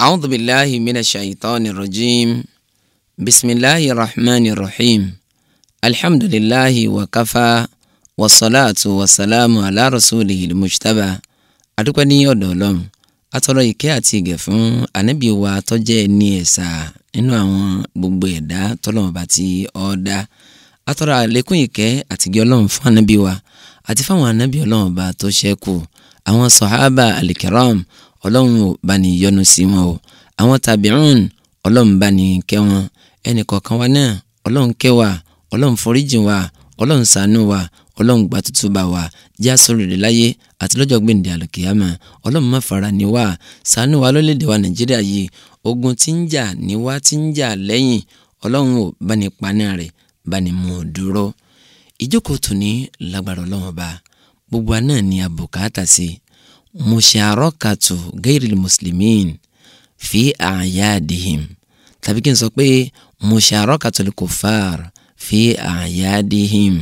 أعوذ بالله من الشيطان الرجيم بسم الله الرحمن الرحيم الحمد لله وكفى والصلاة والسلام على رسوله المجتبى adúpẹ́ ní ọ̀dọ̀ ọlọ́run atọ́rọ ìkẹ́ àti ìgẹ̀ fún ànábì wa tó jẹ́ ẹni ẹ̀sà nínú àwọn gbogbo ẹ̀dá tọ́lọ́run bá ti ọ̀ọ́dá atọ́rọ àlékún ìkẹ́ àti ìgẹ̀ ọlọ́run fún ànábì wa àti fáwọn ànábì ọlọ́run bá tó ṣẹ́kù àwọn sọ̀hábà alikiram ọlọ́run ò bá ní yọ́nú sí wọn o àwọn tàbíùn ọlọ́run bá ní kẹ́ wọn ẹnì kọ̀ọ̀kan wa náà ọlọ́run kẹ́ wa ọlọ́run foríjìn wa ọlọ́run ṣàánú wa ọlọ́run gba tútù bá wa jẹ́ àsọ̀rọ̀lẹ̀ láyé àti lọ́jọ́ gbẹ̀ǹdẹ̀ àlùkìyàmà ọlọ́run má fara ní wa ṣàánú wa lólèdè wa nàìjíríà yìí ogun tí ń jà ní wa tí ń jà lẹ́yìn ọlọ́run ò bá ní paná rẹ̀ bá ní mú dúró ìjókòó tòní lágbára ọlọ́run ọba gbogbo àná ni àbùkátà sí i musharakatu gairil muslimin fi àyàdìhìm tàbí kí n sọ pé musharakatul kufar fi àyàdìhìm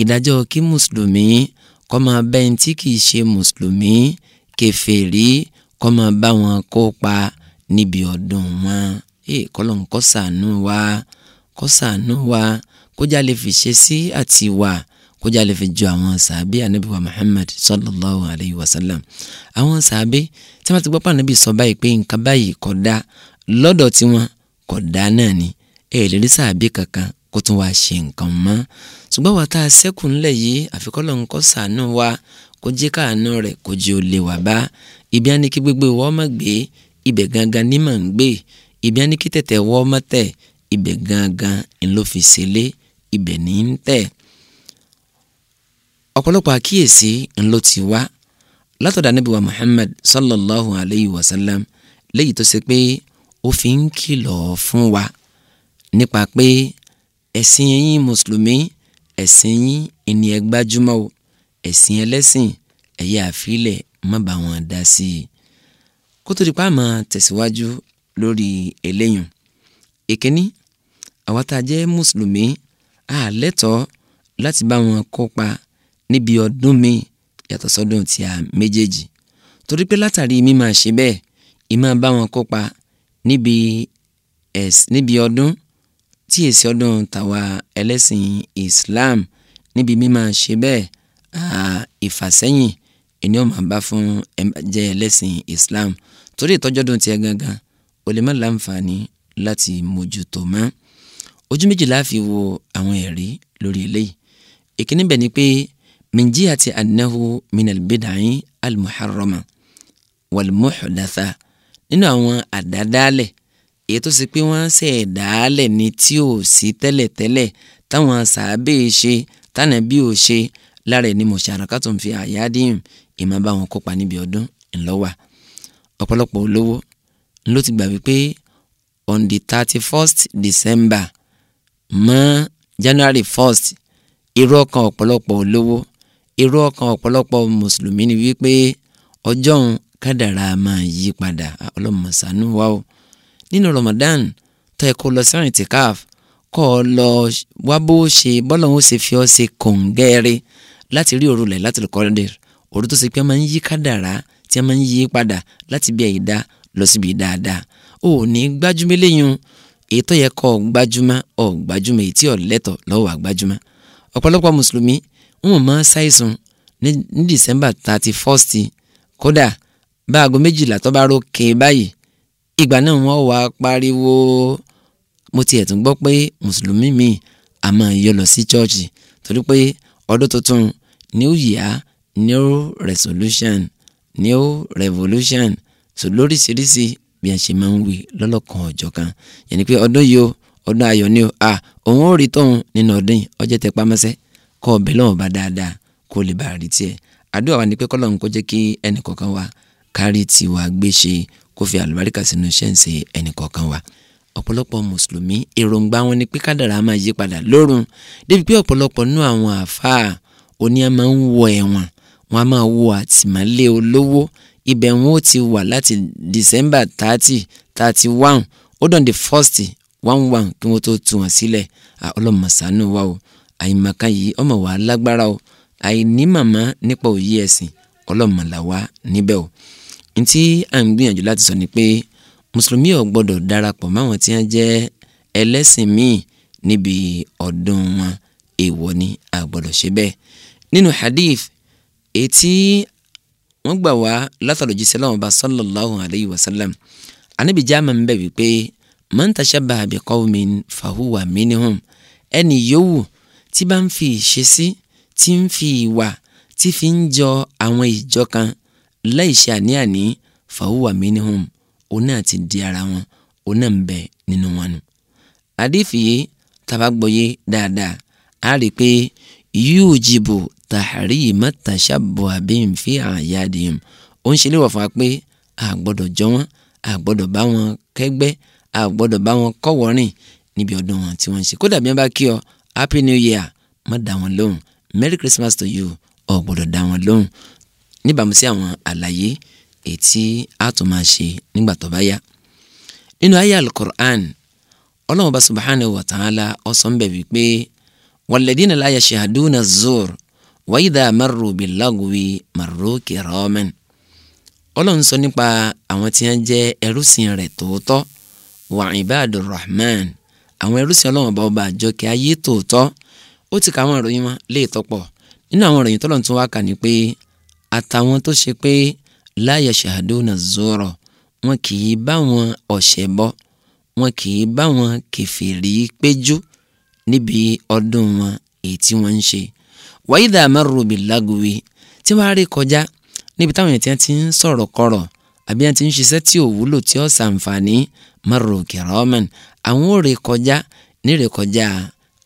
ìdájọ́ kí mùsùlùmí kọ́ máa bẹ́ẹ̀ tí kìí ṣe mùsùlùmí kèfèrí kọ́ máa bá wọn kópa níbi ọdún wọn ee kọlọ́n kọ́ ṣàánú wa kọ́ ṣàánú wa kó jà lè fi ṣe sí àti wà. Si kójá lè fi jọ àwọn sàbí anabi wa muhammad sallallahu alayhi wa sallam àwọn sàbí tí wọ́n ti gbọ́ pàànàbí sọ báyìí pé nǹkan báyìí kò dá lọ́dọ̀ tiwọn kò dá náà ni ẹ lè rí sàbí kankan kó tún wáá ṣe nǹkan mọ́ ṣùgbọ́n wàá tá a ṣẹ́kù ńlẹ̀ yìí àfikọ́lọ́ nǹkan sànú wa kó jẹ́ káàánú rẹ̀ kó jẹ́ ó lè wà bá ibi àníkí gbégbé wọ́n mọ̀ gbé ibẹ̀ gangan ní mọ̀ ń gbé ibi àníkí tẹ̀tẹ̀ wọ́n mọ̀ tẹ̀ ibẹ̀ gangan ńlọ́fi ibẹ̀ ní ń tẹ̀ ọ̀pọ̀lọpọ̀ àkíyèsí ńlọ ti wá látọ̀dá Ànábì wa Muhammad sallallahu alayhi wa sallam léyìí tó ṣe pé ó fi ń kìlọ̀ fún wa nípa pé ẹ̀sìn yín mùsùlùmí ẹ̀sìn yín ẹni ẹ gbájúmọ́ o ẹ̀sìn ẹlẹ́sìn ẹ̀yẹ àfilẹ̀ má bá wọn dá sí i kó di pa tẹ̀síwájú lórí eléyìn ìkíní àwa tá a jẹ́ mùsùlùmí a lẹ́tọ̀ọ́ láti bá wọn kópa níbi ọdún mi yàtọ̀ sọ́dún tí a méjèèjì torí pé látàrí mi máa ṣe bẹ́ẹ̀ ìmáa bá wọn kópa níbi ẹ̀s níbi ọdún tí èsì ọdún tàwa ẹlẹ́sìn Islam níbi mi máa ṣe bẹ́ẹ̀ ìfàsẹ́yìn ẹni ó máa bá fún ẹ̀jẹ̀ ẹlẹ́sìn Islam torí ìtọ́jọ́dún tiẹ̀ gangan o lè má láǹfààní láti mójútó mọ́ ojú méjì la fi wo àwọn ẹ̀rí lórí eléyìí ìkíní bẹ̀ ni pé من جهة أنه من البدع المحرمة والمحدثة nínú àwọn àdádálẹ̀ èyí tó ṣe pé wọ́n ṣe ẹ̀dálẹ̀ ni tí ò sí tẹ́lẹ̀tẹ́lẹ̀ táwọn sàábé ṣe tánàbí ò ṣe lára ẹni musharakatun fi ayadihim ìmọ̀ bá wọn kópa níbi ọdún ńlọ́wà ọ̀pọ̀lọpọ̀ olówó ló ti gbà wípé on the thirty first December mọ́ January first irú ọkàn ọ̀pọ̀lọpọ̀ olówó èrò ọkàn ọ̀pọ̀lọpọ̀ mùsùlùmí ni wípé ọjọ́un kádàrá máa yí padà ọlọ́mọ̀sánú wa o nínú Ramadan tó ẹ kó lọ sẹ́rìn tí káf kọ́ ọ lọ wá bó ṣe bọ́lọ̀ ó ṣe fi ọ́ ṣe kòǹgẹ́rẹ́ láti rí òru lẹ̀ láti lè kọ́ ọ́dẹ òru tó ṣe pé máa ń yí kádàrá tí a máa ń yí padà láti bí ẹ̀yìn dá lọ síbi dáadáa ò ní gbájúmọ́ léyìn èyí tó yẹ kọ́ ọ gbájúmọ́ ọ gbájúmọ́ èyí tí ọ lẹ́tọ̀ lọ́wọ́ àgbájúmọ́ ọ̀pọ̀lọpọ̀ mùsùlùmí wọn máa ṣàìsùn ní december thirty first kódà báago méjìlá tó bá rókè báyìí ìgbà náà wọ́n wá pariwo mo tiẹ̀ tún gbọ́ pé mùsùlùmí mi a máa yọ lọ sí chọ́ọ̀chì torí pé ọdún tuntun new year new resolution new revolution so lóríṣiríṣi bí a ṣe máa ń wí lọ́lọ́kan ọjọ́ kan yẹn ni pé ọdún yìí o ọdún ayọ̀ ni o à òun ò rí tóun nínú ọdún yìí ọjọ́ tẹ pamẹ́sẹ́ kọ́ ọbẹ̀ lọ́wọ́ bá dáadáa kó lè bá a rí tiẹ̀ àdúrà wa ni pé kọ́lọ́n kó jẹ́ kí ẹnì kọ̀ọ̀kan wa kárí tiwa gbé ṣe kó fi àlùbáríkà sínú iṣẹ́ ń ṣe ẹnì kọ̀ọ̀kan wa ọ̀pọ̀lọpọ̀ mùsùlùmí èròǹgbà wọn ni pé kádàrá máa yí padà lórun débi pé ọ̀pọ̀lọpọ̀ nú àwọn àfáà oní a máa ń wọ ẹ̀wọ̀n wọn a máa wọ àtìmọ́lé olówó ibẹ̀ wọn ó ti wà láti December thirty thirty one ó dàn the first one one kí wọ́n tó tu wọn sílẹ̀ ọlọ́mọ̀sánú wa o àìmọ̀ká yìí ọmọ wa lágbára o àìní màmá nípa òye ẹ̀sìn ọlọ́mọlá wa níbẹ̀ o ntí à ń gbìyànjú láti sọ ni pé mùsùlùmí ò gbọ́dọ̀ darapọ̀ máwọn tí wọ́n jẹ́ ẹlẹ́sìn míì níbi ọdún wọn èèwọ̀ ni a gbọ́dọ̀ ṣe bẹ́ẹ̀ nínú hadith etí wọ́n gbà wá látọ̀dọ̀ jíṣẹ́ láwọn bá sallallahu alayhi wa sallam anabi jaama ń bẹ̀ wípé man tashabbaha biqawmin fahuwa minhum ẹni yòówù tí bá ń fi ìṣesí tí ń fi ìwà tí fi ń jọ àwọn ìjọ kan láì ṣe àníàní fàwùwà minhum òun náà ti di ara wọn òun náà ń bẹ nínú wọn nù. àdìfì yìí tabagbọ́yé dáadáa a rí i pé yóò jìbò tàhárí mọ́tàṣàbọ̀ àbẹ́yìn fi àyàdìyàn ó ń ṣe léwọ̀ fún wa pé a gbọ́dọ̀ jọ wọ́n a gbọ́dọ̀ bá wọn kẹ́gbẹ́ a gbọ́dọ̀ bá wọn kọ́wọ́rìn níbi ọdún wọn tí wọ́n ń ṣe kódà bí wọ́n bá kí ọ happy new year má dá wọn lóhùn merry christmas to you ò gbọ́dọ̀ dá wọn lóhùn níbàámu sí àwọn àlàyé ètí a nígbà tó bá yá nínú àyá al-Qur'an Ọlọ́hun bá subhanahu wa ta'ala ó sọ ńbẹ̀ wípé walladhina la yashhaduna az-zur wa idha marru bil-lagwi marru kiraman Ọlọ́hun sọ nípa àwọn tí wọ́n jẹ́ ẹrúsìn rẹ̀ tòótọ́ wa ibadur rahman àwọn ẹrúsìn ọlọ́run ọba ọba àjọkẹ́ ayé tòótọ́ ó ti ka àwọn ìròyìn wọn lé ìtọ́pọ̀ nínú àwọn ìròyìn tọ́lọ̀ tún wá kà ní pé àtàwọn tó ṣe pé la yashhaduna zura wọn kì í bá wọn ọ̀ṣẹ̀ bọ́ wọn kì í bá wọn kèfèrí péjú níbi ọdún wọn èyí tí wọ́n ń ṣe wa idha marru bil tí wọ́n á rí kọjá níbi táwọn èèyàn ti ń sọ̀rọ̀ kọ̀rọ̀ àbí àti ń ṣiṣẹ́ tí ò wúlò tí ó ṣàǹfààní márùn kìrọ́mẹ̀n àwọn ò kọjá ní kọjá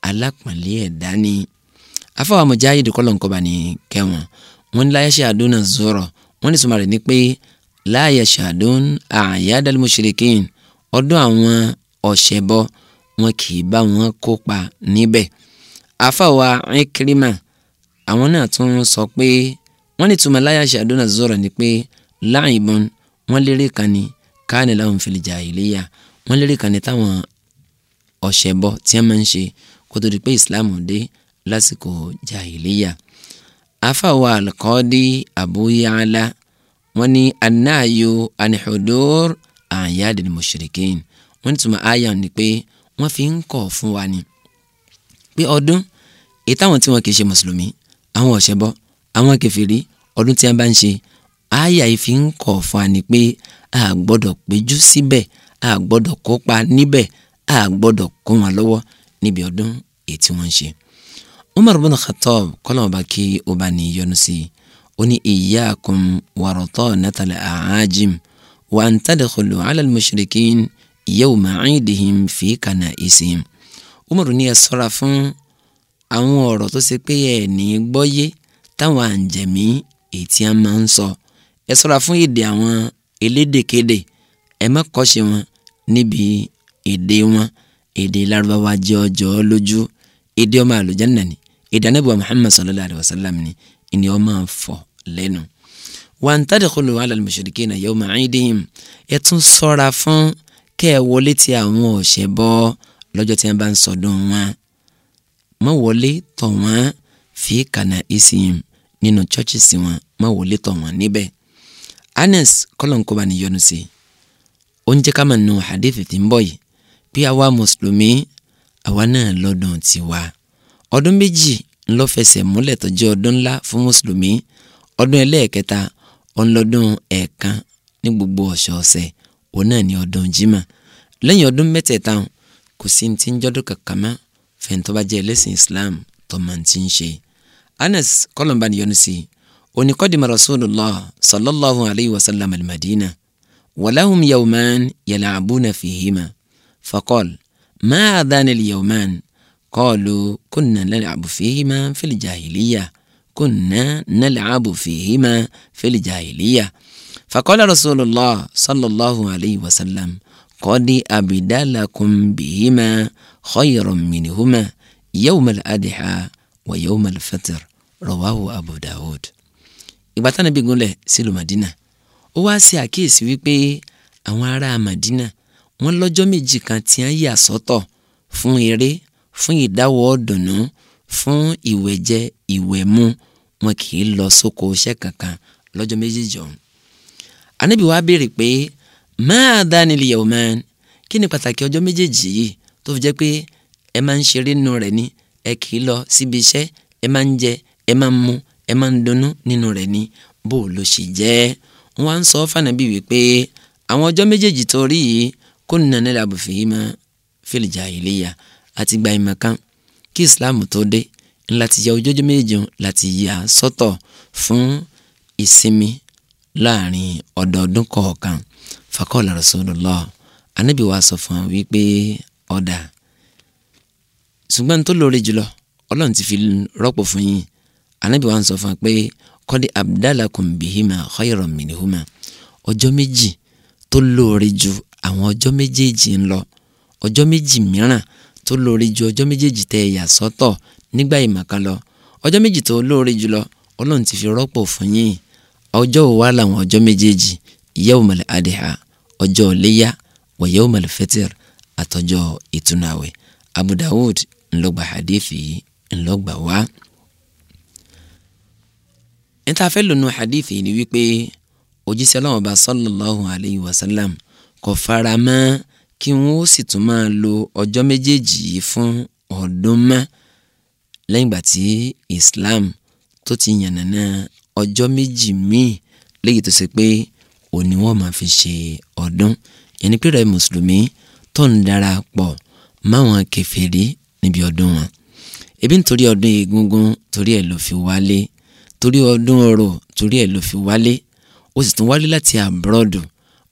alápọ̀nlé ẹ̀dá ni. afọwọ́ Mujahid kọ́lọ̀ nǹkan bá ní kẹwọn wọn ní la yashaduna zura wọn ní sùnmọ́ rẹ̀ ní pé la yashadun a'yadal mushrikin ọdún àwọn ọ̀ṣẹbọ wọn kì í bá wọn kópa níbẹ̀. afọwọ́ Ikrima àwọn náà tún sọ pé wọ́n ní túmọ̀ la yashaduna zura ni pé láìbọn wọ́n lérè kan ní káàní lahum fil jahiliya wọ́n lérè kan ní táwọn ọ̀ṣẹ̀bọ tí wọ́n máa ń ṣe kó di pé Islam dé lásìkò jahiliya afáwọ alqadi Abu Ya'la wọ́n ní anáyò anihudur àyàdìn mushrikin wọ́n túmọ̀ àyà ni pé wọ́n fi ń kọ̀ fún wa ni pé ọdún èyí táwọn tí wọn kì í ṣe mùsùlùmí àwọn ọ̀ṣẹ̀bọ àwọn kèfèrí ọdún tí wọ́n bá ń ṣe àyà ìfi ń kọ̀ fún wa ni pé a gbọ́dọ̀ péjú síbẹ̀ a gbọ́dọ̀ kópa níbẹ̀ a gbọ́dọ̀ kó wọn lọ́wọ́ níbi ọdún èyí tí wọ́n ń ṣe. Umar bin Khattab kọ́lọ́ ọba kí ọba ní yọ́nú sí i ó ní iyyakum wàrọ̀tọ́ nàtàlẹ̀ àájìm wa an tadkhulu ala al-mushrikin yawma 'idihim fi kana'isihim. Umar ní ẹ sọ́ra fún àwọn ọ̀rọ̀ tó ṣe pé ẹ̀ ní gbọ́yé táwọn àǹjẹ̀mí èyí a máa ń sọ. So ẹ ṣọ́ra fún èdè àwọn elédèkéde ẹ má kọ́ṣe wọn níbi èdè wọn èdè Lárúbáwá jẹ́ ọjọ́ lójú èdè ọmọ àlùjánnà ni èdè anábìwá Muhammad sallallahu alayhi wa sallam ni ìní ọmọ àfọ lẹ́nu. wà ń tadkhulu ala al-mushrikina yawma 'idihim ẹ tún ṣọ́ra fún kẹ́ ẹ wọlé ti àwọn ọ̀ṣẹbọ lọ́jọ́ tí wọ́n bá ń ṣọdún wọn má wọlé tọ̀ wọ́n fi kànáà nínú chọ́ọ̀chì sí wọn má wọlé tọ̀ wọ́n níbẹ̀. Anas kọ́lọ̀nkọ́ba níyọnu sí si, ó ń jẹ́ ká hadithi tí ń bọ̀ yìí pé àwa mùsùlùmí àwa náà lọ́dún tiwa ọdún méjì ńlọ́fẹsẹ̀ múlẹ̀ tó jẹ́ ọdún ńlá fún mùsùlùmí ọdún ẹlẹ́ẹ̀kẹta ọlọ́dún ẹ̀ẹ̀kan ní gbogbo ọ̀sọ̀ọ̀sẹ̀ òun náà ní ọdún jimá lẹ́yìn ọdún mẹ́tẹ̀ẹ̀ta kò sí ti ń jọ́dún kankan mọ́ fẹ̀ǹtọ́ Islam tó máa ti ń ṣe Anas kọ́lọ̀ńbá níyọnu sí i ونقدم رسول الله صلى الله عليه وسلم المدينة ولهم يومان يلعبون فيهما فقال ما هذان اليومان قالوا كنا نلعب فيهما في الجاهلية كنا نلعب فيهما في الجاهلية فقال رسول الله صلى الله عليه وسلم قد لكم بهما خير منهما يوم الأضحى ويوم الفطر رواه أبو داود ìgbà tí Ànábì gúnlẹ̀ sílùú Madina ó wá ṣe àkíyèsí wípé àwọn ará Madina wọ́n lọ́jọ́ méjì kan tí wọ́n yà sọ́tọ̀ fún eré fún ìdáwọ́ ọ̀dùnnú fún ìwẹ̀jẹ ìwẹ̀mú wọn kì í lọ sóko iṣẹ́ kankan lọ́jọ́ méjèèjì ọ̀hún. Ànábì wa béèrè pé máa dání lè yẹ̀wò máa kí ni pàtàkì ọjọ́ méjèèjì yìí tó fi jẹ́ pé ẹ máa ń ṣeré nínú rẹ̀ ni ẹ kì í lọ síbi iṣẹ́ ẹ máa ń jẹ ẹ máa ń mu ẹ máa ń dunnú nínú rẹ̀ ni bó o ló ṣe jẹ́ wọ́n wá ń sọ fànàbí wípé àwọn ọjọ́ méjèèjì tó rí yìí kó nínú nílà bùfìyí mọ́ fìlìjà ìléyà àti gba ìmọ̀ kan kí Islam tó dé láti ya ojójó méjì láti yà sọ́tọ̀ fún ìsinmi láàrin ọdọọdún kọ̀ọ̀kan fakọ́lá Rasulullah Ànábì wa sọ fún wa wípé ọ̀dà ṣùgbọ́n tó lóore jùlọ Ọlọ́run ti fi rọ́pò fún yín anabi wa ń sọ fún wa pé kọ́dí abdalakum bihima khayran minihuma ọjọ́ méjì tó lóore ju àwọn ọjọ́ méjèèjì ń lọ ọjọ́ méjì mìíràn tó lóore ju ọjọ́ méjèèjì tẹ́ ẹ yà sọ́tọ̀ nígbà ìmọ̀kan lọ ọjọ́ méjì tó lóore jùlọ ọlọ́run ti fi rọ́pò fún yín ọjọ́ òwa làwọn ọjọ́ méjèèjì yawmal adha ọjọ́ léyà wa yawmal fitr àtọjọ́ ìtúnu àwẹ̀ Abu Dawud ńlọgbà hadithi ńlọgbà wá níta fẹ́ lónú hadithi ni wípé òjíṣẹ́ Ọlọ́hun Ọba sallallahu alayhi wa sallam kò fara mọ́ kí wọ́n ó lo ọjọ́ méjèèjì fún ọdún mọ́ lẹ́yìn ìgbà Islam tó ti yànnàná ọjọ́ méjì míì léyìí tó ṣe pé òní wọ́n máa fi ṣe ọdún yẹnni pé rẹ mùsùlùmí tó ń darapọ̀ máwọn kèfèrí níbi ọdún wọn ebi nítorí ọdún egungun torí ẹ̀ ló fi wálé torí ọdún ọrọ̀ torí ẹ̀ ló fi wálé ó sì tún wálé láti àbúrọ̀dù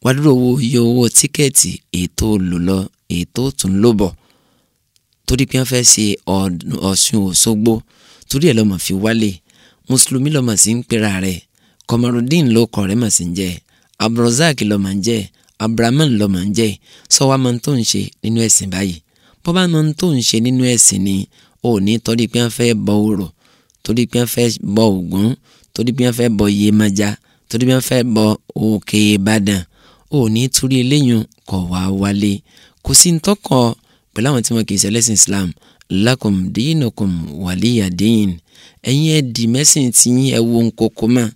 wá dúró owó iye owó tíkẹ́ẹ̀tì ètò lò lọ ètò tún ló bọ̀ torí pé wọ́n fẹ́ ṣe Ọ̀ṣun Òṣogbo torí ẹ̀ lọ́mọ fi wálé mùsùlùmí lọ́mọ sí ń pera rẹ̀ Kọmarudin ló kọ̀ rẹ̀ mọ̀ sí ń jẹ́ Abdulrozak lọ́mọ ń jẹ́ Abraman lọ́mọ ń jẹ́ sọ́wọ́ máa ń tó ń ṣe nínú ẹ̀sìn báyìí bọ́ bá máa ń tó ń ṣe nínú ẹ̀sìn ni ò ní pé wọ́n fẹ́ bọ òrò torí pé wọ́n fẹ́ bọ Ògún torí pé wọ́n fẹ́ bọ Yemọja torí pé wọ́n fẹ́ bọ Òkè Ìbàdàn òní torí eléyìí kọ̀ wá wálé kò sí ntọ́kọ̀ pẹ̀lú àwọn tí wọn kì í ṣẹlẹ́sìn Islam lakum dinukum waliyadin ẹ̀yin ẹ̀ dì mẹ́sìn tí yín ẹ̀ wo nkoko mọ́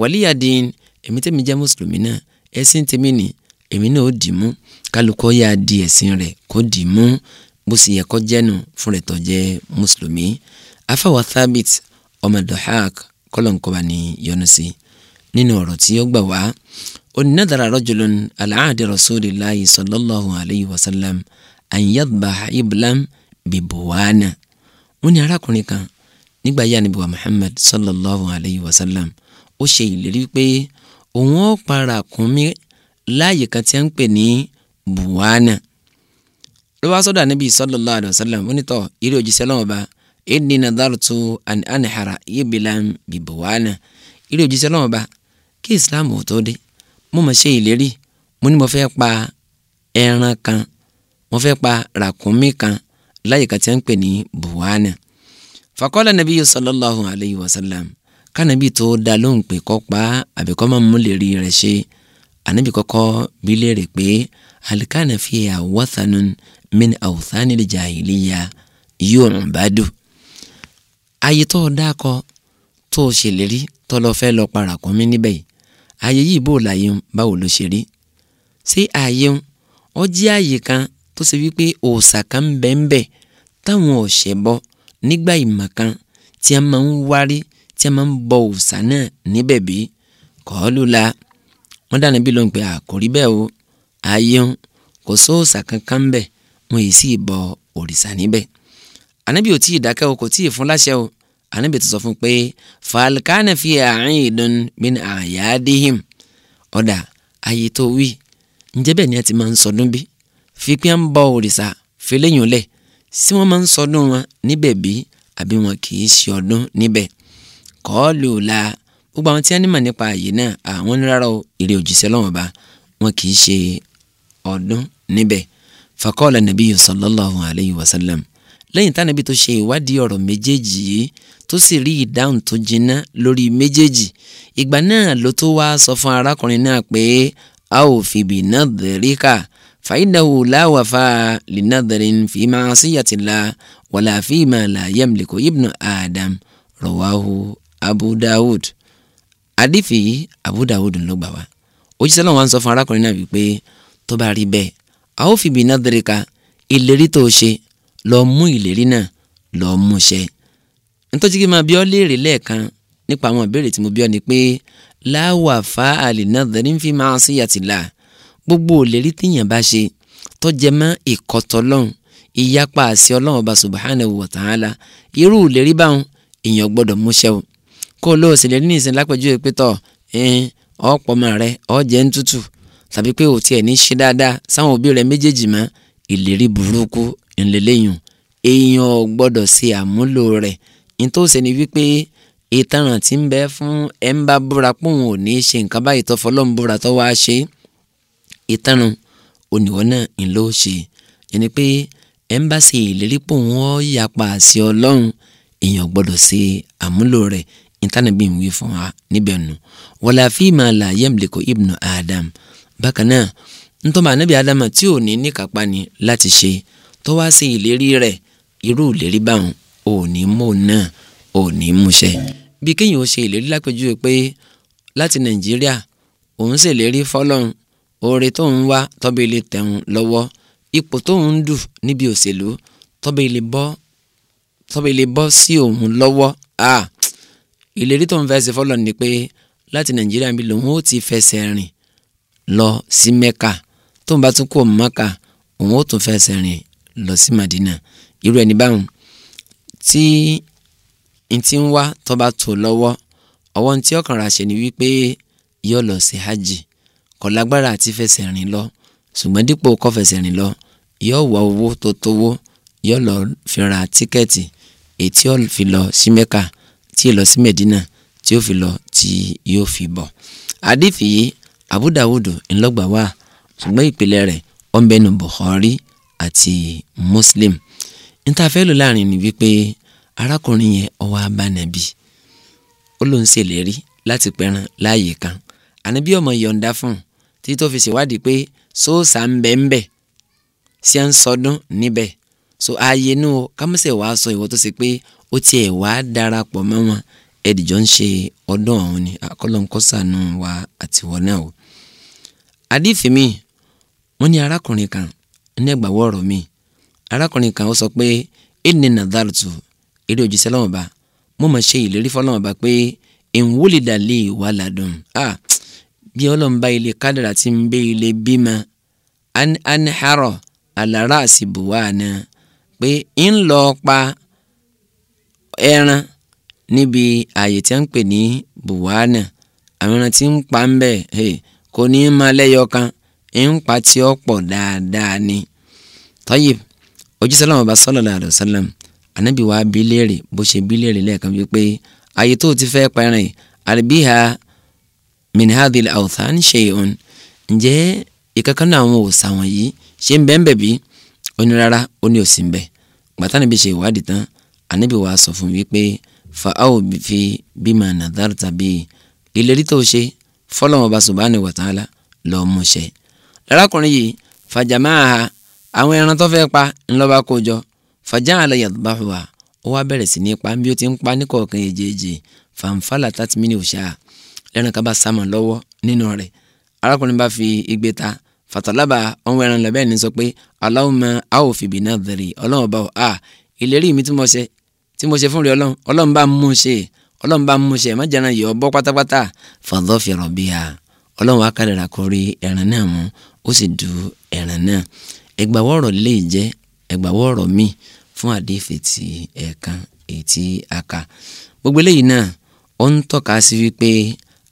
waliyadin èmi tẹ́mi jẹ́ mùsùlùmí náà ẹ̀sìn tèmi ni èmi náà ó dì mú kálukọ́ yá di ẹ̀sìn rẹ̀ kó dì mú bó sì yẹ kó jẹ́nu fún rẹ̀ tó jẹ́ mùsùlùmí afawa Thabit ọmọ Dahak kọ́lọ̀nkọ́ba ní yọ́nú sí nínú ọ̀rọ̀ tí ó gbà wá onínàdàrà rajulun alaadi rasulillahi sallallahu alayhi wa sallam an yadbaha iblam bibuwana wọ́n ní arákùnrin kan nígbà yá níbi wa Muhammad sallallahu alayhi wa sallam ó ṣe ìlérí pé òun ó para kùnmí láàyè kan tí a ń pè ní buwana ló wá sọ́dọ̀ Ànábì sallallahu alayhi wa sallam ní tọ́ ìrẹ́ òjíṣẹ́ lọ́wọ́ inni nadartu an anihara ibilan bibuwana ilé òjíṣẹ́ ọlọ́run ọba kí islam ò tó dé mo mọ̀ ṣe ìlérí mo ní mo fẹ́ pa ẹran kan mo fẹ́ pa ràkúnmí kan láyìíká tí wọ́n ń pè ní buwana fakọ́lá nàbí sallallahu alayhi wa sallam kánàbí tó dá lóhùn pé kọ́ pa àbíkọ́ máa mú lè rẹ̀ ṣe ànábì kọ́kọ́ bí léèrè pé alikana fi awathanun min awthani al-jahiliya yu'badu ayé tó o dákọ tó o ṣèlérí tó lọ fẹ́ lọ para kún mi níbẹ̀ yìí ayé yìí bò láyé ń báwo ló ṣe rí ṣé ayé ń ọ jẹ́ àyè kan tó ṣe wípé òòṣà kan ń bẹ ń bẹ táwọn ọ̀ṣẹbọ nígbà ìmọ̀ kan tí a máa ń wárí tí a máa ń bọ òòṣà náà níbẹ̀ bí kọ́ ló la wọ́n dáná bí lóun pé àkórí bẹ́ẹ̀ o ayé ń kò sóòṣà kankan ń bẹ yìí sì bọ òrìṣà níbẹ̀ anabi ò tí ì dákẹ́ o kò tí ì fún láṣẹ o anabi ti sọ fún pé falkana fi àárín ìdán min àyàdéhìm ọ̀dà ayé tó wí ǹjẹ́ bẹ́ẹ̀ ni a ti máa ń sọdún bí fipá ń bọ òrìṣà fẹlẹ́yìn lẹ̀ sí wọ́n máa ń sọdún wọn níbẹ̀ bí àbí wọn kì í ṣe ọdún níbẹ̀ la gbogbo àwọn tí wọ́n nímọ̀ nípa àyè náà àwọn onírárá èrè òjíṣẹ́ lọ́wọ́ bá wọn kì í ṣe ọdún níbẹ̀ fakọ́ọ̀lù nàbíyí sallallahu alayhi wa sallam lẹ́yìn tánàbí tó ṣe ìwádìí ọ̀rọ̀ méjèèjì yìí tó sì rí ìdáhùn tó jiná lórí méjèèjì ìgbà náà ló tó wá sọ fún arákùnrin náà pé a ò fìbì náà dèrí kà fàyídàwò láwàfà lìnàdàrí fi máa síyàtìlá wàlà fi máa là yamliku ibnu adam rawahu abu dawud àdìfì abu dawud ló gbà wá òjíṣẹ́ lọ́wọ́ ń sọ fún arákùnrin náà wípé tó bá rí bẹ́ẹ̀ a ò fìbì náà dèrí kà ìlérí tó ṣe lọ mú ìlérí náà lọ mú ṣẹ nítorí kí n máa bí ọ léèrè lẹ́ẹ̀kan nípa àwọn ìbéèrè tí mo bí ọ ni pé láwà fá àlìnàdàrí ń fi máa sí yàtìlá gbogbo ìlérí tíyàn bá ṣe tó jẹ mọ́ ìkọtọlọ́n ìyapa àṣẹ Ọlọ́run ọba subhanahu wa ta'ala irú ìlérí báwọn èèyàn gbọ́dọ̀ múṣẹ o kó lóò sì lè ní ìsìn lápẹjù pé tọ ọ̀pọ̀ ọmọ rẹ ọ̀jẹ̀ ń tútù tàbí pé òtí ẹ̀ ní ṣe dáadáa sáwọn òbí rẹ méjèèjì mọ́ ìlérí burúkú ńlẹ́lẹ́yìn èèyàn gbọ́dọ̀ ṣe àmúlò rẹ̀ nítòsí ni wípé ìtanràn tí ń bẹ fún ẹ̀ ń bá búra pòun ò ní ṣe nǹkan báyìí tó fọlọ́n búra tó wá ṣe ìtanràn oníwọ̀n náà ń ṣe ẹni pé ẹ̀ ń bá ṣe ìlérí pòun ọ́ yapa àṣẹ ọlọ́run èèyàn gbọ́dọ̀ ṣe àmúlò rẹ̀ ìtànàbí ń wí fún wa níbẹ̀ nù wala fima la yamliku ibnu adam bákan náà ntọ́ba anabi adam tí ò ní níkàpá ni láti ṣe tó wá sí ìlérí rẹ̀ irú ìlérí báwọn ò ní mú náà ò ní múṣẹ. bí kéèyàn ó ṣe ìlérí lápèjúwe pé láti nàìjíríà òun ṣèlérí fọlọ́run oore tóun wá tọ́bí ilé tẹ̀hún lọ́wọ́ ipò tóun ń dù níbi òṣèlú tọ́bí ilé bọ́ tọ́bí ilé bọ́ sí òun lọ́wọ́ a ìlérí tóun fẹ́ ṣe fọlọ́run ni pé láti nàìjíríà bí lòun ó ti fẹsẹ̀ rìn lọ sí mẹ́ka tóun bá tún kó mọ́ka òun ó tún fẹsẹ̀ rìn lọ sí Madina irú ẹni báwọn tí n ti ń wá tó bá tó lọ́wọ́ ọwọ́ ntí ọkàn rà ṣe ni wípé yóò lọ sí hajj kò lágbára àti fẹsẹ̀ rìn lọ ṣùgbọ́n dípò kó fẹsẹ̀ rìn lọ yóò wá owó tó tówó yóò lọ fi ra tíkẹ́ẹ̀tì èyí tí fi lọ sí Mẹ́kà tí yóò lọ sí Mẹ́dínà tí yóò fi lọ tí yóò fi bọ̀ àdìfì yìí Abu Dawud ńlọgbà wà ṣùgbọ́n ìpìlẹ̀ rẹ̀ ọ̀nbẹ́nu Bukhari àti Muslim ntàfẹ́lò láàrin ni wípé arákùnrin yẹn ó wá bá nàbì ó ló ń ṣèlérí láti pẹran láàyè kan ànábì ọmọ yọ̀ǹda fún un tí tó fi ṣèwádìí pé sóòsà ń bẹ ń bẹ sí à ń sọdún níbẹ̀ so ààyè inú o kámúsẹ̀ wàá sọ ìwọ tó ṣe pé ó tiẹ̀ wàá darapọ̀ mọ́ wọn ẹ̀dìjọ́ ń ṣe ọdún ọ̀hún ni àkọlọ́ńkọ́sànù wa àtiwọ́ náà o. àdìfẹ́ mi wọ́n ní arákùnrin kan ní ẹgbàwọ́ ọ̀rọ̀ mi arákùnrin kan ó sọ pé ẹni nàdàrùtù eré òjíṣẹ́ lọ́wọ́ bá mo máa ṣe ìlérí fọlọ́wọ́ bá pé ìwúlìdà wà ládùn ah bí ọlọ́mba ilé kádàrà ti ń bẹ ilé bímọ aniharo alára àsìbùwà náà pé ń lọ pa ẹran níbi ààyè tí a ń pè ní buwana àwọn ẹran tí ń pa ń bẹ kò ní í máa lẹ́yọ kan ńpa tí ó dáadáa ni tọ́yì òjíṣẹ́ bá sọlọ wa léèrè bó ṣe ti fẹ́ pẹ́rìn àrùbíhà min hadhil awthan ǹjẹ́ ìkankan náà àwọn òòsà wọ̀nyí ṣe ń bẹ́ẹ̀ rárá òsì sọ fún fa awo fi bímọ nàdàrú tàbí ìlérí tó ṣe fọlọ́wọ́n bá subhanahu lárakùnrin yìí fàjàmáà àwọn ẹran tó fẹ́ pa ńlọ́ba kó jọ fàjà àlẹ́ yàtọ̀báfùwà ó wá bẹ̀rẹ̀ sí ní pa bí ó ti ń pa ní kọ̀ọ̀kan èjèèjì fanfàlà tàti mí ní òṣà lẹ́nu kaba sámọ̀ lọ́wọ́ nínú rẹ̀ arákùnrin bá fi igbe ta fàtàlábà ọ̀hún ẹran lọ́bẹ̀ ní sọ pé Allahumma àwọn òfìbí náà dẹ̀rẹ̀ ọlọ́run bá wọ a ìlérí mi tí mo ṣe tí mo ṣe fún rẹ ọlọ́run ọlọ́run bá mú ṣe ọlọ́run bá mú ṣe májàna yọ̀ bọ́ pátápátá mú ó sì du ẹ̀ràn náà ẹgbàwọ́rọ̀ lè jẹ́ ẹgbàwọ́rọ̀ mi fún àdéfẹ̀ ti ètí aka gbogbo eléyìí náà ó ń tọ́ka sí wípé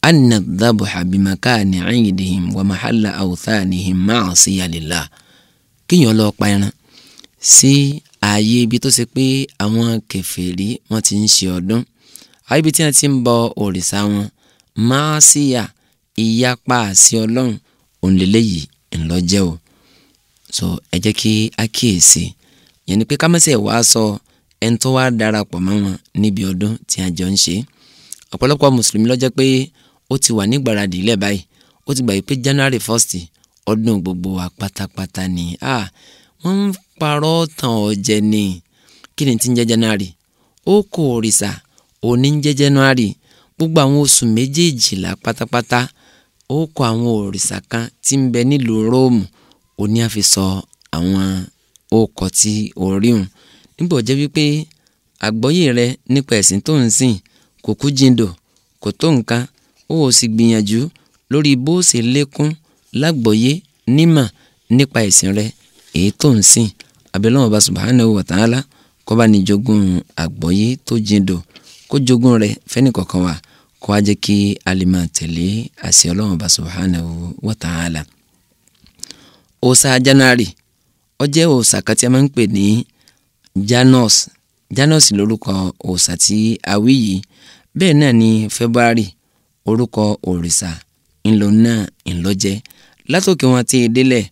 anna dhabuha bimakani ayidihim wa mahala awthanihim ma'a siyalila kíyàn lọ pa ẹran sí ààyè ibi tó ṣe pé àwọn kèfèrí wọn ti ń ṣe ọdún ààyè ibi tí wọn ti ń bọ òrìṣà wọn máa síyà ìyapa àṣẹ Ọlọ́run òǹlẹlẹ ńlọjẹ́ o so ẹ jẹ́ kí a kíyèsí yẹn ni pé kámẹ́sẹ̀ wá sọ ẹni tó wá darapọ̀ mọ́ wọn níbi ọdún tí a jọ ń ṣe ọ̀pọ̀lọpọ̀ mùsùlùmí lọ́jọ́ pé ó ti wà nígbàradì ilẹ̀ báyìí ó ti gbà yìí pé January 1st ọdún gbogbo wa pátápátá ni ah wọ́n ń parọ́ tàn ọ́ jẹ ni kí ni ti ń jẹ́ January ó kò òrìṣà òní ń jẹ́ January gbogbo àwọn oṣù méjèèjìlá pátápátá ó kọ àwọn òrìṣà kan tí ń bẹ nílùú róòmù òní àfi sọ àwọn òkọ tí ó rí hùn nígbà jẹ́ wípé àgbọ́yé rẹ nípa ẹ̀sìn tó ń sìn kò kú jíndò kò tó nǹkan ó sì gbìyànjú lórí bó ṣe lékún lágbọ́yé nímọ̀ nípa ẹ̀sìn rẹ èyí tó ń sìn abẹ́lẹ́wọ̀n bá subhanahu wa ta'ala kó ní jogún àgbọ́yé tó jíndò kó jogún rẹ fẹ́ni kọ̀ọ̀kan wà kó a jẹ́ kí a lè máa tẹ̀lé àṣẹ ọlọ́run bá subhanahu wa ta'ala. òòṣà january ó jẹ́ òòṣà kan tí a máa ń pè ní janus janus lórúkọ òòṣà tí a wí yìí bẹ́ẹ̀ náà ni february orúkọ òrìṣà ńlọ náà ńlọ látòkè wọn ti délẹ̀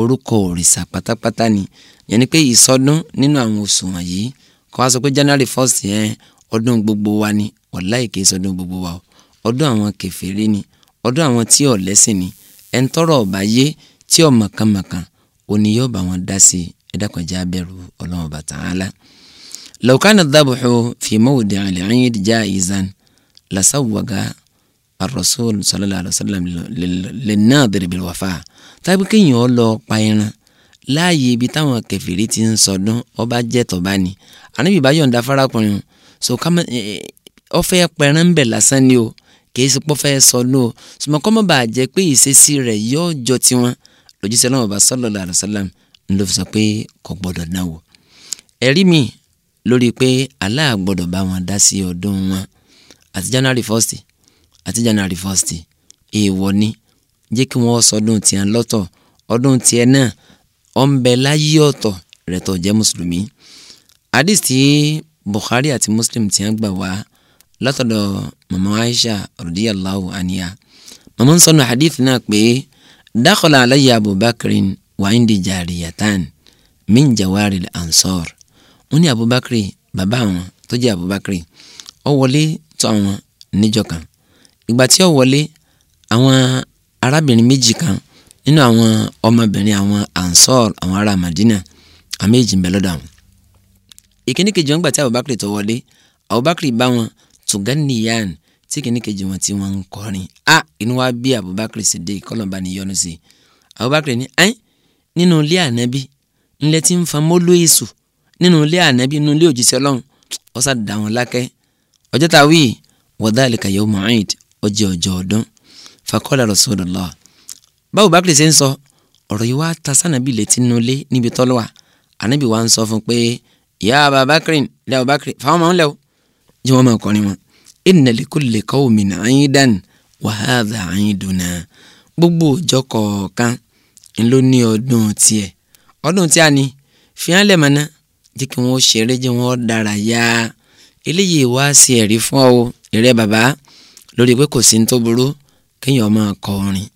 orúkọ òrìṣà pátápátá ni yẹn ni pé ìsọdún nínú àwọn oṣù wọ̀nyí kó a sọ pé january first yẹn ọdún gbogbo wa ni wàláì kìí sọdún gbogbo wa ọdún àwọn kèfèrí ni ọdún àwọn tí ò lẹ́sìn ni ẹn tọrọ ọba yé tí ò mọ̀kànmọ̀kàn òní yóò bá wọn dá sí ẹ dákun jẹ́ abẹ́rù ọba ta'ala. law kana dhabuhu fi mawdi'i al-'id ja'izan lasawwaga ar-rasul sallallahu alayhi wa sallam lin-nadhiri bil-wafa tàbí kéèyàn ọ lọ pa ẹran láàyè ibi táwọn kèfèrí ti ń sọdún ọba jẹ́ tọ́ba ni àníbi ìbáyọ̀ ń da farakùnrin so eh, eh, ọfẹ́ pẹ̀rẹ́ ń bẹ̀ lásán ni o kì í ṣe pọ́fẹ́ sọ ló o ṣùgbọ́n kọ́mọ́ bàa jẹ́ pé ìṣesí rẹ̀ yóò jọ tiwọn lójúṣẹ́ náà bá sallallahu alaihi wasallam ló fi sọ pé kò gbọ́dọ̀ náà wò. ẹ̀rí mi lórí pé Allah gbọ́dọ̀ bá wọn dá sí ọdún wọn àti January 1st àti January 1st èèwọ̀ ni jẹ́ kí wọ́n sọdún tiẹ̀ lọ́tọ̀ ọdún tiẹ̀ náà ó ọ̀tọ̀ rẹ̀ tó jẹ́ mùsùlùmí. hadith tí Bukhari àti Muslim ti ń gbà wá látọ̀dọ̀ mama Aisha radiyallahu anha mama ń sọnù hadith náà pé dakhala alayya abubakrin wa indi jariyatan min jawari ansor wọn ní abubakri bàbá àwọn tó jẹ́ abubakri ó wọlé tọ̀ àwọn níjọ́ kan ìgbà tí ó wọlé àwọn arábìnrin méjì kan nínú àwọn ọmọbìnrin àwọn ansor àwọn ará Madina àmì èjì ń àwọn ìkíní kejì wọn gbà tí abubakar tó wọlé abubakar bá wọn tùgánìyàn tí kìíní kejì wọn tí wọ́n ń kọrin a inú wa bí Abubakar Siddiq kọlọmba ni yọnu sí Abubakar ni ayin nínú ilé ànábì ńlẹ̀ tí ń fa mọ́lú èso nínú ilé ànábì nínú ilé òjíṣẹ́ Ọlọ́run ọ̀sà dà wọ́n lákẹ́ ọjọ́ ta wí wadhalika yawmu Eid ọjọ́ ọjọ́ ọdún faqala Rasulullah báwo Abubakar ṣe ń sọ ọ̀rọ̀ yìí wá ta sànàbì létí nínú ilé níbi tọ́lọ́wà ànábì wa ń sọ fún pé ya Abubakar ilé Abubakar fáwọn máa ń lẹ́wọ̀ jẹ́ wọ́n máa kọrin wọn. inna likulli qawmin aidan wa hadha aiduna gbogbo ọjọ́ kọ̀ọ̀kan ló ní ọdún tiẹ̀ ọdún tí a ní fìhánlẹ̀ mọ́ná jẹ́ kí wọ́n ṣeré jẹ́ wọ́n dára yá eléyìí wá sí ẹ̀rí fún ọ ìrẹ́ bàbá lórí pé kò sí ní tó burú kéèyàn máa kọ orin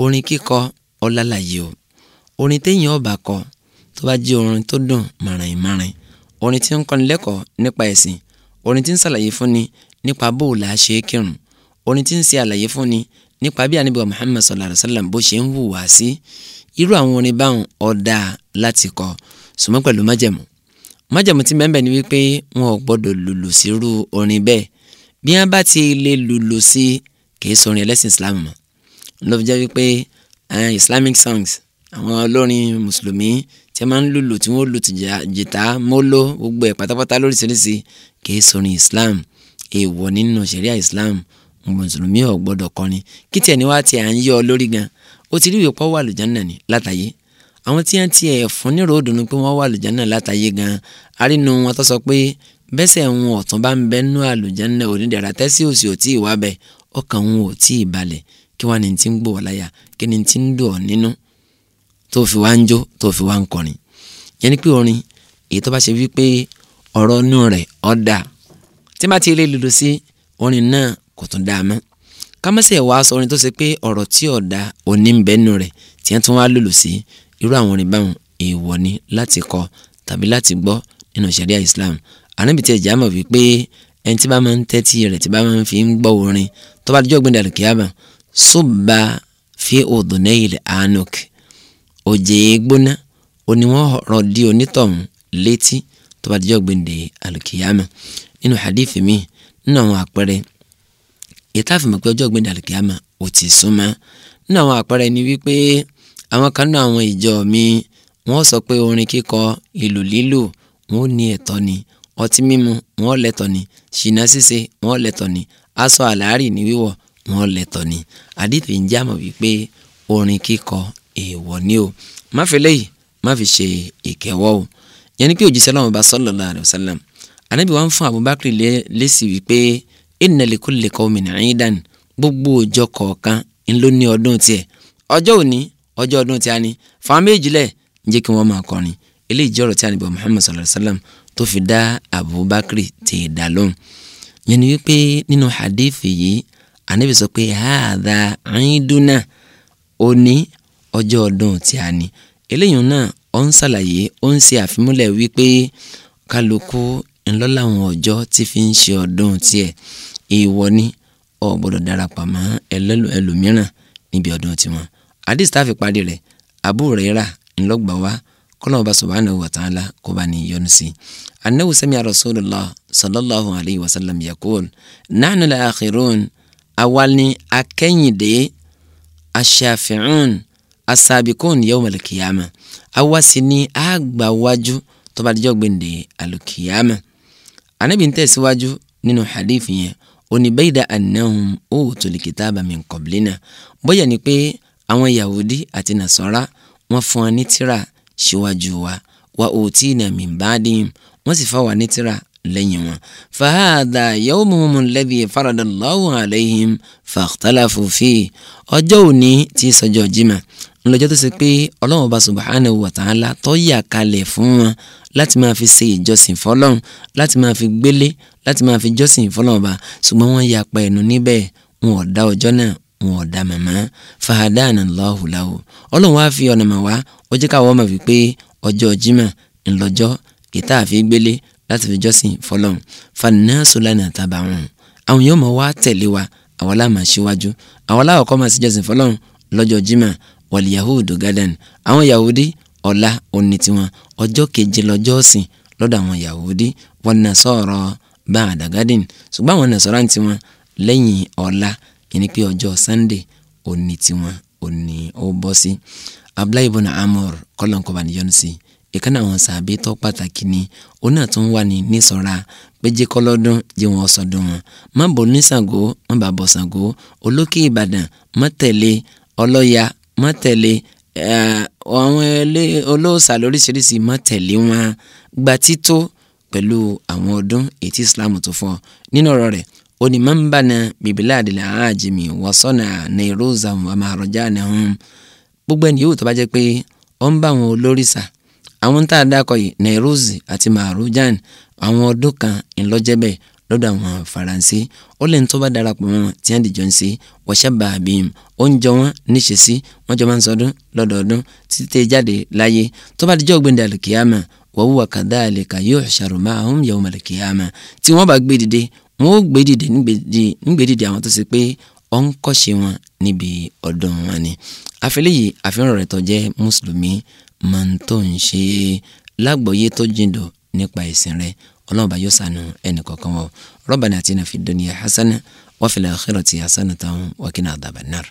orin kíkọ ọlálàyé o orin téèyàn ọba kọ tó bá jẹ́ orin tó dùn màrìnmàrìn orin tí ń kọ́ni lẹ́kọ̀ọ́ nípa ẹ̀sìn orin tí ń ṣàlàyé fúnni nípa bóò là á ṣe é kírun orin tí ń ṣe àlàyé fúnni nípa bí ànábì wa Muhammad sallallahu alayhi wa sallam bó ṣe ń hùwà sí irú àwọn orin báwọn ọ̀dà láti kọ ṣùgbọ́n pẹ̀lú májẹ̀mú májẹ̀mú tí mẹ́mbẹ̀ ni wípé wọn ò gbọ́dọ̀ lùlù sírú orin bẹ́ẹ̀ bí wọ́n bá ti lè lùlù sí kìí sọrin ẹlẹ́sìn Islam mọ́ ló fi jẹ́ wípé eh, Islamic songs àwọn olórin mùsùlùmí tí a máa ń lùlù tí wọ́n lù jìtá mọ́lò gbogbo ẹ̀ pátápátá lóríṣiríṣi kìí sọrin Islam èèwọ̀ nínú ṣẹ̀ríà Islam mùsùlùmí ò gbọ́dọ̀ kọrin kí tiẹ̀ ní wá tí à ń yọ lórí gan ó ti rí ìwé pọ́ wà lùjánà ní látàyé àwọn tí wọ́n ti ẹ̀ fún ní ròódù ni pé wọ́n wà lùjánà látàyé gan arínú wọn tó sọ pé bẹ́sẹ̀ wọn ọ̀tún bá ń bẹ́nu àlùjánà onídàára tẹ́sí òsì ò tí ì wá bẹ́ẹ̀ ọkàn wọn ò tí ì balẹ̀ kí wọ́n ní ti ń gbò láyà kí ni ti ń dùn ọ́ nínú tó fi wá ń jó tó fi wá ń kọrin yẹn ni pé orin èyí tó bá ṣe wípé ọ̀rọ̀ inú rẹ̀ ọ̀dà tí má ti lè lòdò sí orin náà kò tún dáa mọ́ kámẹ́sẹ̀ wá sọ orin tó ṣe pé ọ̀rọ̀ tí ọ̀dà òní ń bẹ nínú rẹ̀ tí wọ́n tún wá lòlò sí irú àwọn orin báwọn èèwọ̀ ni láti kọ tàbí láti gbọ́ nínú ṣẹ̀ríà Islam ànábì tí ẹ̀já mọ̀ wípé ẹni tí bá máa ń tẹ́tí rẹ̀ tí bá máa ń fi ń gbọ́ orin tó bá dijọ́ gbẹ̀dẹ̀ àlùkìyàmà òjè gbóná ni wọ́n rọ̀ di onítọ̀hún létí tó bá dijọ́ gbèǹde alùkìyàmà nínú hadith mi nínú àwọn àpẹẹrẹ ètò àfihàn pé ọjọ́ gbèǹde alùkìyàmà ò ti súnmọ́ nínú àwọn àpẹẹrẹ ni wípé àwọn kan náà àwọn mi sọ pé orin kíkọ ìlù lílù wọ́n ní ni ọtí mímu wọ́n ni ṣìnà ṣíṣe wọ́n ni aṣọ àlárì ni wíwọ̀ wọ́n lẹ́tọ̀ ni hadith ń jámọ̀ wípé orin kíkọ èèwọ̀ ni o má fi lẹ́yìn má fi ṣe ìkẹwọ́ o yẹn ni pé òjíṣẹ́ ọlọ́run bá sallallahu alaihi wasallam ànábì wa ń fún Abubakar lésì wípé inna li kulli qawmin iidan gbogbo ọjọ́ kọ̀ọ̀kan ńlọ ní ọdún tiẹ̀ ọjọ́ òní ọjọ́ ọdún tí a ní fáwọn méjìlẹ̀ ń jẹ́ kí wọ́n máa kọrin eléyìí jẹ́ ọ̀rọ̀ tí ànábì Muhammad sallallahu alaihi wasallam tó fi dá Abubakar ti dá lóhùn yẹn ni wípé nínú hadith yìí ànábì sọ pé haadha iiduna òní ọjọ́ ọdún tí a ní eléyìí náà ó ń ṣàlàyé ó ń ṣe àfimúlẹ̀ wípé kálukú ńlọ́láwọn ọjọ́ tí fi ń ṣe ọdún tiẹ̀ èèwọ̀ ni ó gbọ́dọ̀ darapọ̀ mọ́ ẹlòmíràn níbi ọdún tiwọn àdìs tá a fi parí rẹ̀ Abu Huraira ńlọgbà wa kọ́nọ̀ọ́ba subhanahu wa ta'ala kó bá ní yọ́nú sí i annahu sami'a rasulullah sallallahu alayhi wa sallam yaqul nahnu la akhirun awal ni akẹ́yìndé aṣàfihàn asabikun yawm al-qiyamah awa sì ni àgbà wájú tó bá dijọ́ gbèǹde al-qiyamah anabi ń tẹ̀síwájú nínú hadith yẹn oníbẹ̀yìdá annahum utul kitaba min qablina bóyá ni pé àwọn yahudi àti nasara wọ́n fún wa ní tírà síwájú wa wa utina min ba'dihim wọ́n sì fáwa ní tírà lẹ́yìn wọn. fahadà yawmuhum alladhi faradallahu alayhim fakhtalafu fi ọjọ́ òní tí sọjọ́ jimá ńlọjọ́ tó ṣe pé ọlọ́run ọba subhanahu wa ta'ala tó yà kalẹ̀ fún wọn láti máa fi ṣe ìjọsìn fọlọ́run láti máa fi gbélé láti máa fi jọ́sìn fọlọ́run ọba ṣùgbọ́n wọ́n ya pa ẹnu níbẹ̀ wọn ò dá ọjọ́ náà wọn ò dá màmá fahadana Allahu lahu ọlọ́run wá fi ọ̀nà mà wá ó jẹ́ káwọ́ mà wípé ọjọ́ jimá ńlọjọ́ ìta àfi gbélé láti fi jọ́sìn fọlọ́run fannasu lana taba'un àwọn yóò máa wá tẹ̀lé wàlíyahudu garden, àwọn yahudi ọ̀la òní tiwọn ọjọ́ keje lọ́jọ́ ọ̀sìn lọ́dọ̀ àwọn yahudi wọn nà sọ̀rọ̀ bá àdàgádìn ṣùgbọ́n àwọn nàṣọ́rà tiwọn lẹ́yìn ọ̀la yẹn pé ọjọ́ sunday òní tiwọn òní ó bọ́ sí. abdullahi ibn amur kọ́lọ́nkọ́ba níyọ́nù sí ìkànnì àwọn sàbí tó pàtàkì ni òun náà tún wà ní nísọ̀ra péjé kọ́lọ́dún jẹ́ wọn sọdún wọn má bọ̀ ní Ṣàngó má bà bọ̀ Ṣàngó olókè Ìbàdàn má tẹ̀lé ọlọ́ya má tẹ̀lé àwọn olóòṣà lóríṣiríṣi má tẹ̀lé wọn gba tító pẹ̀lú àwọn ọdún ètí Islam tó fún ọ nínú ọ̀rọ̀ rẹ̀ ó na bìbílẹ̀ àdìlẹ̀ àjẹmí wọ́n sọ́nà Nairoza wọn máa rọjá ní ọ̀hún gbogbo ẹni yóò tó bá jẹ́ pé ó ń bá àwọn olórìṣà àwọn tá a dákọ̀ yìí Nairozi àti Maharojan àwọn ọdún kan ńlọ́jẹ́ bẹ́ẹ̀ lọ́dọ̀ àwọn faransé ó lẹ́nu tó bá darapọ̀ mọ́ wọn tí wọ́n dìjọ́ ń ṣe wọ́ṣẹ́ bàbí im ó ń jọ wọn níṣe sí wọ́n jọ máa ń sọdún lọ́dọọdún títí tẹ́ jáde láyé tó bá dijọ́ gbẹ̀ndẹ̀ àlùkìyàmà wọ́wọ́ kadhalika yuhsharu ma'hum yawm al-qiyamah tí wọ́n bá gbé dìde wọ́n ó gbé dìde nígbè dìde àwọn tó ṣe pé ó ń kọ́ṣe wọn níbi ọdún wọn ni. àfẹlẹ́yìí àfihàn rẹ̀ tó mùsùlùmí máa ń tó ń ṣe lágbọ̀ọ́yé tó jìndò nípa ẹ̀sìn rẹ̀ ọlọ́ọ̀bá yóò sànù ẹnì kọ̀ọ̀kan wọ Rabbana atina fid dunya hasana wa fil akhirati hasanatan wa qina adhaban nar